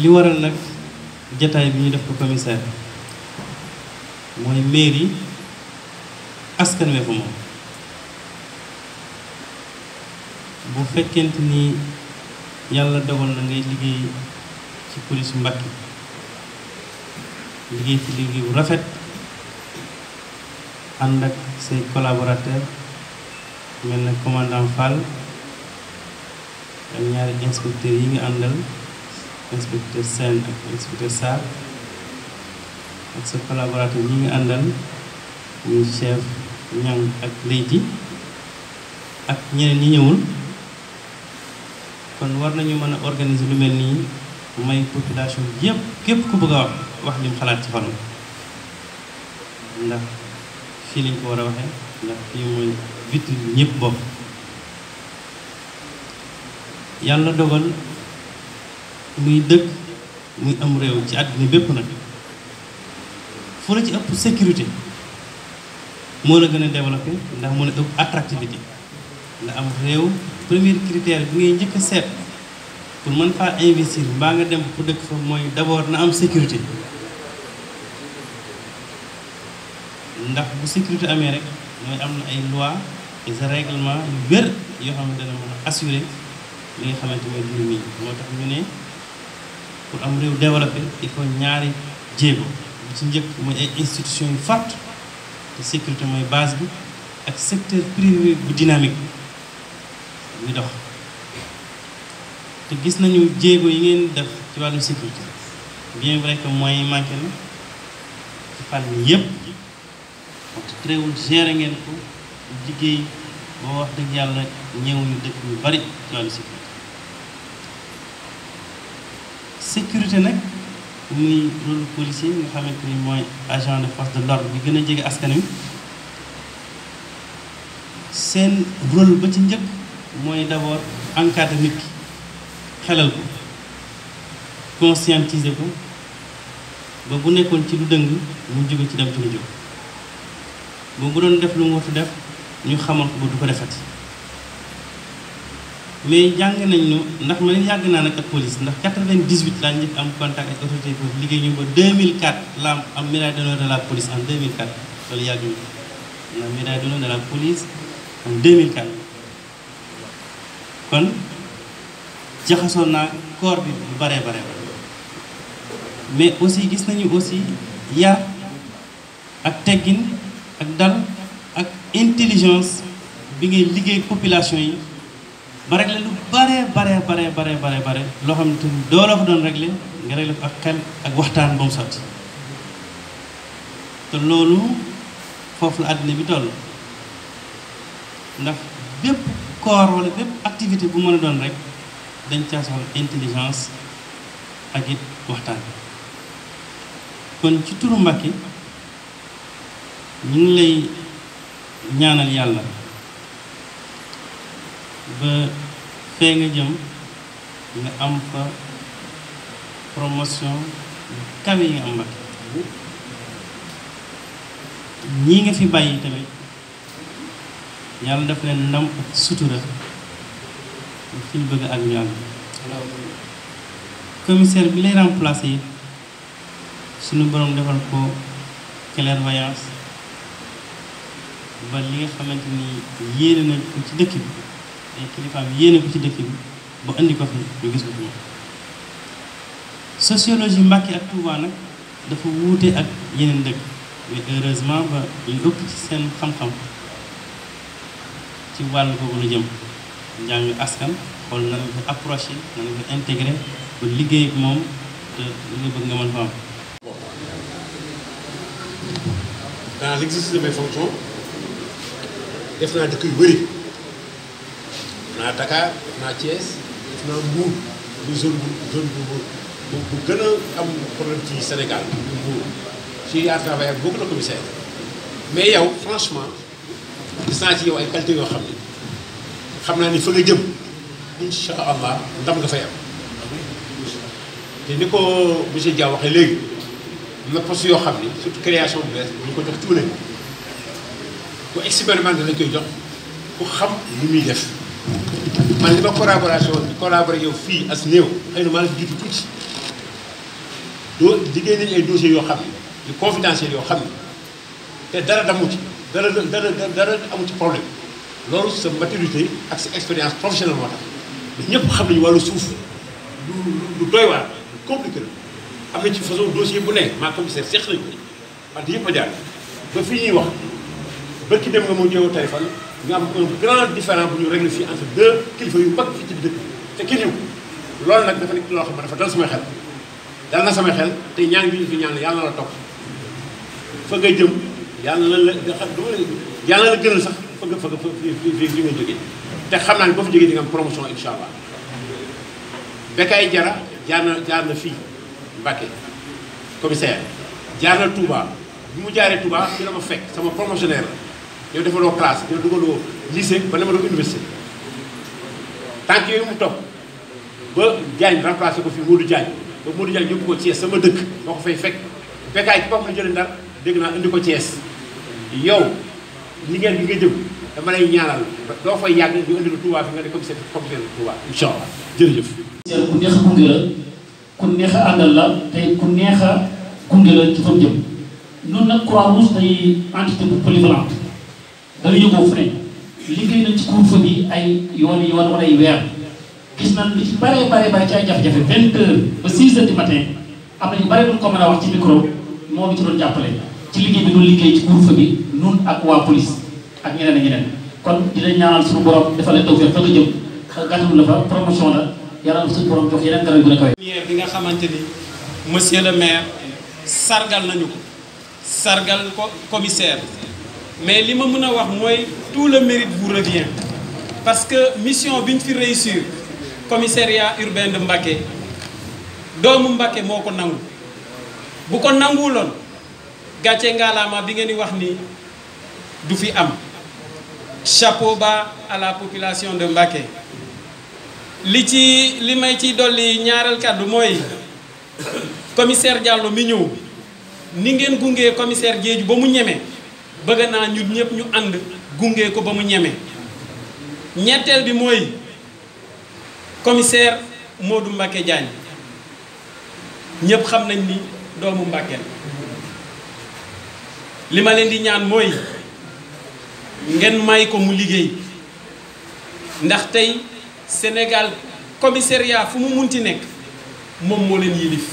li waral nag jataay bi ñu def ko commissaire mooy mairie askan wi fa moom bu fekkent ni yàlla dogal na ngay liggéey ci police Mbacké liggéey ci liggéey bu rafet ànd ak say collaborateur mel na commandant Fall ak ñaari inspecteurs yi nga àndal inspecteur Sène ak inspecteur Sarr ak sa collaborateur ñi ngi àndal muy chef ñang ak Leyti ak ñeneen ñi ñëwul kon war nañu mën a organiser lu mel nii may population yépp képp ku bëgg a wax wax li mu xalaat ci fanam ndax fii lañ ko war a waxee ndax fii mooy vitre ñëpp bopp yàlla dogal muy dëkk muy am réew ci àddina bépp nag fu la ci ëpp sécurité moo la gën a développé ndax moo la ëpp attractivité nga am réew premier critère bi ngay njëkk a seet pour mën faa investir baa nga dem pour dëkk fa mooy d'abord na am sécurité ndax bu sécurité amee rek mooy am na ay loi et règlement yu wér yoo xamante ne mën a assuré li nga xamante mooy dund mi moo tax ñu ne pour am réew développé il faut ñaari jéego bu ci njëkk mooy ay institution yu forte te sécurité mooy base bi ak secteur privé bu dynamique bi dox te gis nañu jéego yi ngeen def ci wàllu sécurité bien vrai que moyens yi manqué na ci fànn yëpp wante tréewul géré ngeen ko liggéey boo wax dëgg yàlla ñëwuñu dëkk yu bari ci sécurité sécurité nag muy rôle policier nga xamante ni mooy agent de force de l'ordre bi gën a jege askan wi seen rôle ba ci njëkk mooy d'abord encadrer nit ki xelal ko conscientiser ko ba bu nekkoon ci lu dëng mu jóge ci dem ci lu jóg ba bu doon def lu mu wartu def ñu xamal ko ba du ko defati mais jàng nañ ñu ndax man yàgg naa nag ak police ndax 98 laa njëkk am contact ak autorité foofu liggéey ñu ba 2004 la am am médaille d'honneur de la police en 2004 loolu yàgg ñu la médaille d'honneur de la police en 2004 kon jaxasoo naa corps bi bu baree bare mais aussi gis nañu aussi yar ak teggin ak dal ak intelligence bi ngay liggéey population yi ba réglé lu bare bare bare bare bare bare loo xam te ni doo la ko doon réglé nga réglé ko ak xel ak waxtaan ba mu sotti te loolu foofu la àddina bi toll ndax bépp koor wala bépp activité bu mën a doon rek dañ caa soxla intelligence ak it waxtaan kon ci turu Mbàkke ñu ngi lay ñaanal yàlla ba fee nga jëm nga am fa promotion kawe yi nga am nag ñii nga fi bàyyi tamit yàlla daf leen ndam ak sutura fi ñu bëgg ak ñoom commissaire bi lay remplacé suñu borom defal ko clairvoyance ba li nga xamante ni yéene ci dëkk bi ay kilifaam yéene ko ci dëkk bi ba indi ko fi ñu gis ko fi sociologie Mbàkke ak Touba nag dafa wuute ak yeneen dëkk mais heureusement ba ñu ëpp ci seen xam-xam ci wàll boobu la jëm njàng askan xool na nga ko approché na nga ko intégré ba liggéey moom te li nga bëgg nga mën fa naa Dakar def naa Thiès def naa Mbour bu zone bu zone bu bu gën a am problème ci mais yow franchement gis naa ci yow ay qualité yoo xam ne xam naa ni fa nga jëm incha allah ndam nga fay am te ni ko monsieur Dia waxee léegi am yoo xam ni surtout création bu bees ñu ko jox tous ku expérimenté lañ koy jox ku xam lu muy def man li ma collaboration collaboré yow fii as néew xëy na maa la fi jiitu tuuti doo liggéey nañu ay dossiers yoo xam ne yu confidentiel yoo xam ne te dara damu ci dara dara dara amu ci problème loolu sa maturité ak sa expérience professionnelle moo tax mais ñëpp xam nañu wàllu suuf lu lu doy waar lu compliqué la am na ci façon dossier bu ne maa commissaire seq nañu ko yëpp a jaar ba fii wax bërki dem nga moo jéego tey fan ñu am un ñu réglé fii entre deux yu mag fii ci dëkk te kenn loo xam ne sama xel dal na sama xel te ñaan gi ñu fi ñaan la yàlla la topp fa jëm yàlla la yàlla la gënal sax fa nga fa nga fi nga jógee te xam naa ne boo fa jógee di nga am promotion insha allah Bécaye Diarra jaar na jaar na fii Mbacké commissaire jaar na Touba bi mu jaaree Touba fi la ma fekk sama promotionnaire la yow defaloo classe yow dugaloo lycée ba demaloo université tànk yooyu mu topp ba Diagne remplacé ko fi Modou Diagne ba Modou Diagne yóbbu ko Thiès sama dëkk moo ko fay fekk bekkaay ci boppam la jëlee ndar dégg naa indi ko Thiès yow liggéey bi nga jëm dama lay ñaanal doo fay yàgg ñu indi lu Touba fi nga ne comme c'est commissaire lu Touba incha allah jërëjëf. ku neex a gunge la ku neex a àndal la te ku neex a gunge da nga yëngoo fu ne liggéey nañ ci couvre bi ay yoon yoon wala ay weer gis nañ li bare bare bare ci jafe-jafe vingt heures ba six a du matin am nañu bare duñ ko mën a wax ci micro moom ci doon jàppale ci liggéey bi doon liggéey ci couvre bi nun ak waa police ak ñeneen ak ñeneen kon dinañ ñaanal suñu borom defal la tawfeex fa nga jëm gàttal la fa promotion la yàlla na suñu borom jox yeneen dara yu gën a kawe bi nga xamante ni monsieur le maire sargal nañu ko sargal ko mais li ma mën a wax mooy tout le mérite vous revient parce que mission bi ñu fi réussir commissariat urbain de Mbacké doomu Mbacké moo ko nangu bu ko nanguwuloon gàcce ngaalaama bi ngeen di wax ni du fi am chapeau ba à la population de Mbacké li ci li may ci dolli ñaareel kàddu mooy commissaire Diallo mi ñëw ni ngeen gungee commissaire Diédhiou ba mu ñemee bëgg naa ñun ñëpp ñu ànd gunge ko ba mu ñeme ñetteel bi mooy commissaire Modou Mbacké Diagne ñëpp xam nañ ni doomu Mbacké la li ma leen di ñaan mooy ngeen may ko mu liggéey ndax tey Sénégal commissariat fu mu munti nekk moom moo leen yilif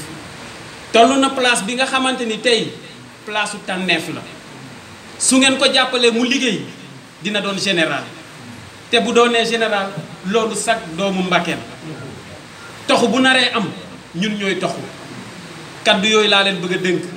tollu na place bi nga xamante ni tey placeu tànneef la su ngeen ko jàppalee mu liggéey dina doon général te bu doonee général loolu sax doomu Mbàkke toxu bu naree am ñun ñooy toxu kàddu yooyu laa leen bëgg a dënk